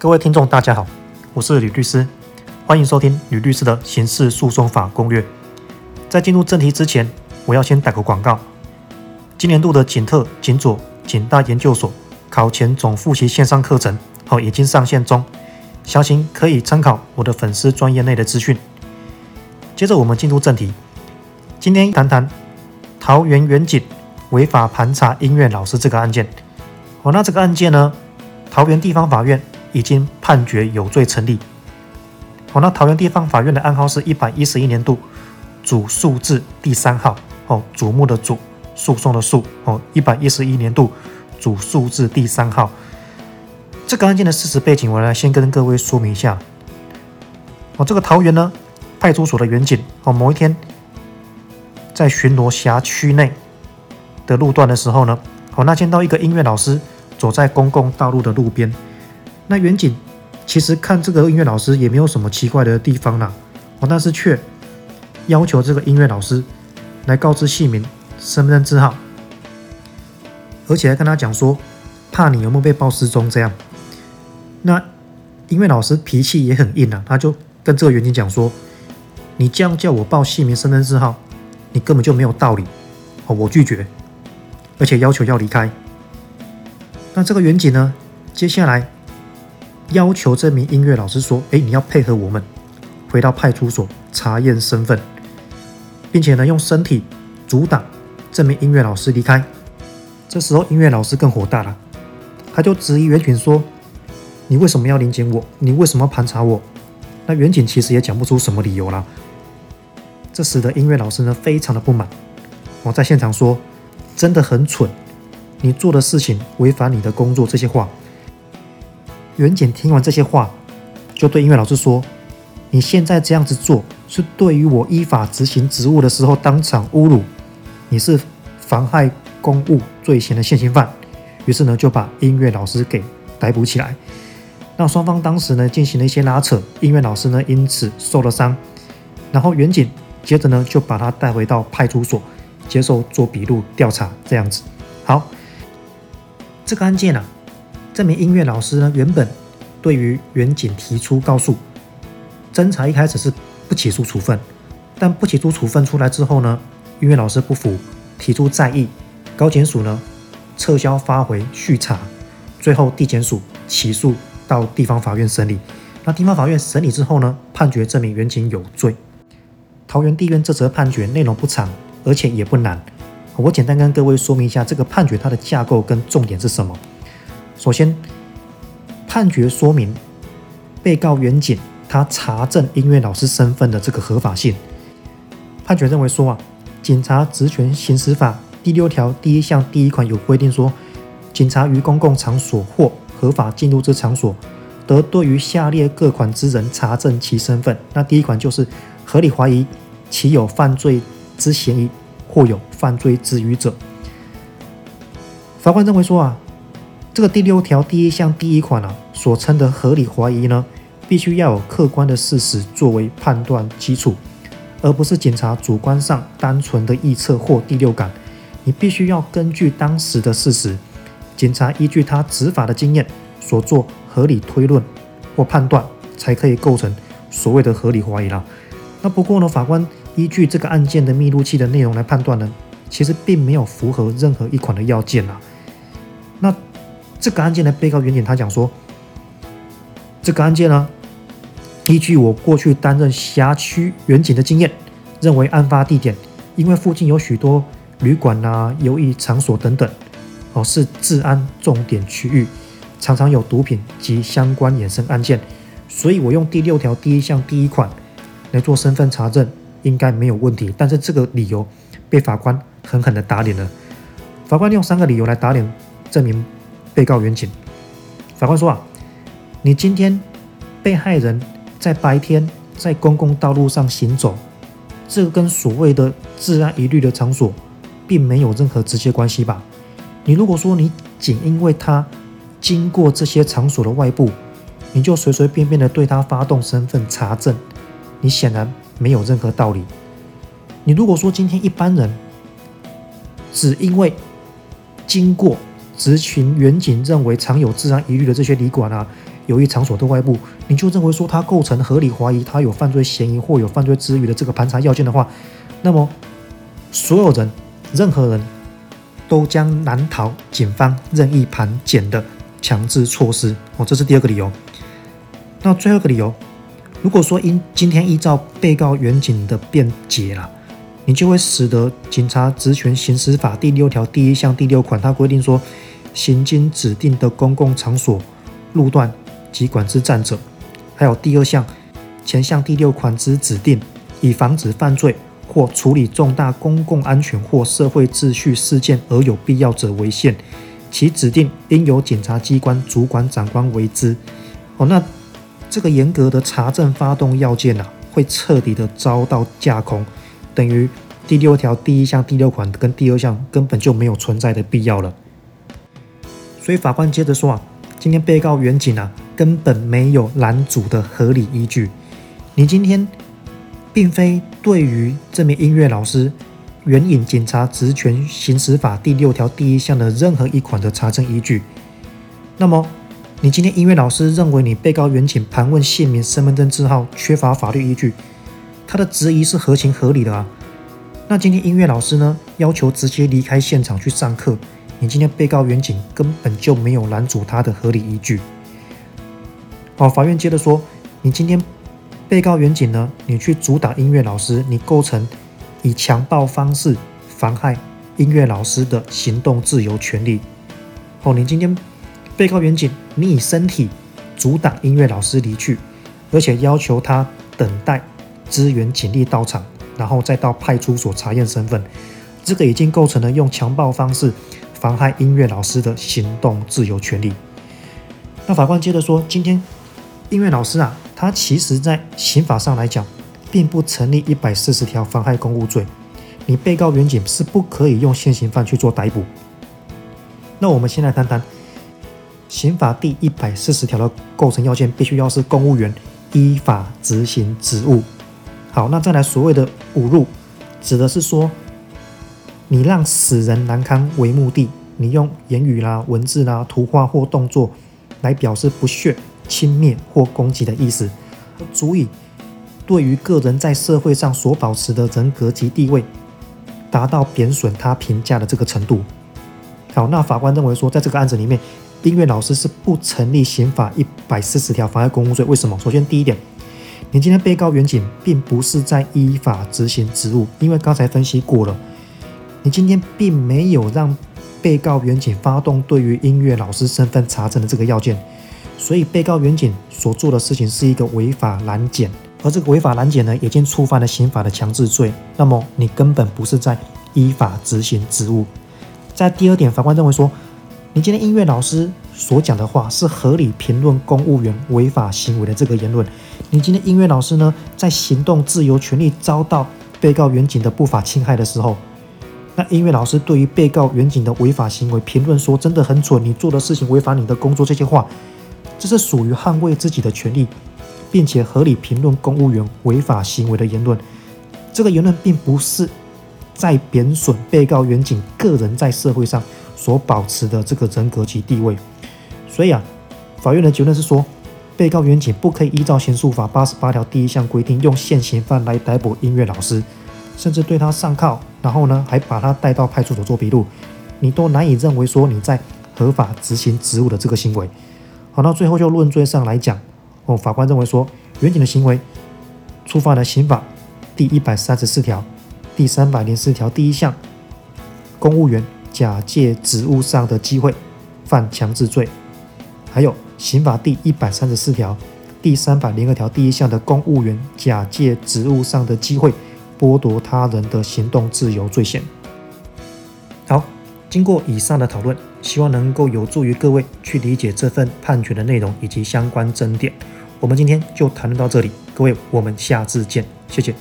各位聽眾，大家好，我是呂律師，歡迎收聽呂律師的刑事訴訟法攻略。在進入正題之前，我要先打個廣告。今年度的警特、警佐、警大研究所考前總複習線上課程，哦，已經上線中，詳情可以參考我的粉絲專頁內的資訊。接着我們進入正題，今天談談桃園員警違法盤查音樂老師這個案件。哦，那這個案件呢，桃園地方法院。已經判決有罪成立。哦，那桃園地方法院的案號是一百一十一年度矚訴字第三號。哦，矚目的矚，訴訟的訴。哦，一百一十一年度矚訴字第三號。這個案件的事實背景，我來先跟各位說明一下。哦，這個桃園呢派出所的員警，哦某一天在巡邏轄區內的路段的時候呢，哦那見到一個音樂老師走在公共道路的路邊。那員警其實看這個音樂老師也沒有什麼奇怪的地方啦，哦，但是卻要求這個音樂老師來告知姓名、身份證字號，而且還跟他講說，怕你有沒有被報失蹤這樣。那音樂老師脾氣也很硬啊，他就跟這個員警講說，你這樣叫我報姓名、身份證號，你根本就沒有道理，哦，我拒絕，而且要求要離開。那這個員警呢，接下來。要求這名音樂老師說：“誒，你要配合我們回到派出所查驗身份，並且呢用身體阻擋這名音樂老師離開。”這時候，音樂老師更火大了，他就質疑員警說：“你為什麼要臨檢我？你為什麼要盤查我？”那員警其實也講不出什麼理由啦，這使得音樂老師呢，非常的不滿，我在現場說：“真的很蠢，你做的事情違反你的工作。”這些話。員警聽完這些話，就對音樂老師說：“你現在這樣子做，是對於我依法執行職務的時候當場侮辱，你是妨害公務罪嫌的現行犯。”於是呢，就把音樂老師給逮捕起來。那雙方當時呢進行了一些拉扯，音樂老師呢因此受了傷。然後員警接着呢就把他帶回到派出所接受做筆錄調查。這樣子，好，這個案件呢、啊。這名音樂老師呢，原本對於員警提出告訴，偵查一開始是不起訴處分，但不起訴處分出來之後呢，音樂老師不服，提出再議，高檢署呢撤銷發回續查，最後地檢署起訴到地方法院審理，那地方法院審理之後呢，判決這名員警有罪。桃園地院這則判決內容不長，而且也不難，我簡單跟各位說明一下這個判決它的架構跟重點是什麼。首先，判決說明被告員警他查證音樂老師身份的這個合法性。判決認為說啊，《警察職權行使法》第六條第一項第一款有規定說，警察於公共場所或合法進入之場所，得對於下列各款之人查證其身份。那第一款就是合理懷疑其有犯罪之嫌疑或有犯罪之余虞者。法官認為說啊。這個第六條第一項第一款啊，所稱的合理懷疑呢，必須要有客觀的事實作為判斷基礎，而不是警察主觀上單純的臆測或第六感。你必須要根據當時的事實，警察依據他執法的經驗所做合理推論或判斷，才可以構成所謂的合理懷疑啦、啊。那不過呢，法官依據這個案件的密錄器的內容來判斷呢，其實並沒有符合任何一款的要件啊。這個案件的被告員警，他講說，這個案件呢、啊，依據我過去擔任轄區員警的經驗，認為案發地點因為附近有許多旅館吶、啊、遊藝場所等等，哦，是治安重點區域，常常有毒品及相關衍生案件，所以我用第六條第一項第一款來做身份查證，應該沒有問題。但是這個理由被法官狠狠地打臉了。法官用三個理由來打臉，證明。被告員警，法官說啊，你今天被害人在白天在公共道路上行走，這個、跟所謂的治安疑慮的場所，並沒有任何直接關係吧？你如果說你僅因為他經過這些場所的外部，你就隨隨便便的對他發動身份查證，你顯然沒有任何道理。你如果說今天一般人只因為經過，執勤員警認為常有治安疑慮的這些旅館啊，由於場所的外部，你就認為說他構成合理懷疑，他有犯罪嫌疑或有犯罪之虞的這個盤查要件的話，那麼所有人任何人都將難逃警方任意盤檢的強制措施哦，這是第二個理由。那最後一個理由，如果說因今天依照被告員警的辯解啦，你就會使得《警察職權行使法》第六條第一項第六款，它規定說。行經指定的公共場所、路段及管制站者，還有第二項，前項第六款之指定，以防止犯罪或處理重大公共安全或社會秩序事件而有必要者為限。其指定應由警察機關主管長官為之。哦，那這個嚴格的查證發動要件吶、啊，會徹底的遭到架空，等於第六條第一項第六款跟第二項根本就沒有存在的必要了。所以法官接着說啊，今天被告員警啊根本沒有攔阻的合理依據，你今天並非對於這名音樂老師援引警察職權行使法第六條第一項的任何一款的查證依據。那麼你今天音樂老師認為你被告員警盤問姓名、身份證字號缺乏法律依據，他的質疑是合情合理的啊。那今天音樂老師呢，要求直接離開現場去上課。你今天被告員警根本就沒有攔阻他的合理依據。哦，法院接着說，你今天被告員警呢，你去阻擋音樂老師，你構成以強暴方式妨害音樂老師的行動自由權利。哦，你今天被告員警，你以身體阻擋音樂老師離去，而且要求他等待支援警力到場，然後再到派出所查驗身份，這個已經構成了用強暴方式。妨害音樂老師的行動自由權利。那法官接着說：“今天音樂老師啊，他其實在刑法上來講，並不成立一百四十條妨害公務罪。你被告員警是不可以用現行犯去做逮捕。”那我們先來談談刑法第一百四十條的構成要件，必須要是公務員依法執行職務。好，那再來所謂的侮辱，指的是說。你讓使人難堪為目的，你用言語啦、啊、文字啦、啊、圖畫或動作來表示不屑、輕蔑或攻擊的意思，足以對於個人在社會上所保持的人格及地位達到貶損、他評價的這個程度。好，那法官認為說，在這個案子裡面，音樂老師是不成立刑法一百四十條妨礙公務罪。為什麼？首先，第一點，你今天被告員警並不是在依法執行職務，因為剛才分析過了。你今天並沒有讓被告員警發動對於音樂老師身份查證的這個要件，所以被告員警所做的事情是一個違法攔檢，而這個違法攔檢呢，已經觸犯了刑法的強制罪，那麼你根本不是在依法執行職務。在第二點，法官認為說，你今天音樂老師所講的話是合理評論公務員違法行為的這個言論。你今天音樂老師呢，在行動自由權利遭到被告員警的不法侵害的時候。那音樂老師對於被告員警的違法行為評論說：“真的很蠢，你做的事情違法你的工作。”這些話，這是屬於捍衛自己的權利，並且合理評論公務員違法行為的言論。這個言論並不是在貶損被告員警個人在社會上所保持的這個人格及地位。所以啊，法院的結論是說，被告員警不可以依照刑訴法八十八條第一項規定，用現行犯來逮捕音樂老師。甚至對他上銬，然後呢，還把他帶到派出所做筆錄，你都難以認為說你在合法執行職務的這個行為。好，那最後就論罪上來講，哦，法官認為說，員警的行為觸犯了刑法第一百三十四條、第三百零四條第一項，公務員假借職務上的機會犯強制罪，還有刑法第一百三十四條、第三百零二條第一項的公務員假借職務上的機會剝奪他人的行動自由罪嫌。好，經過以上的討論，希望能夠有助於各位去理解這份判決的內容以及相關爭點。我們今天就談論到這裡，各位，我們下次見，謝謝。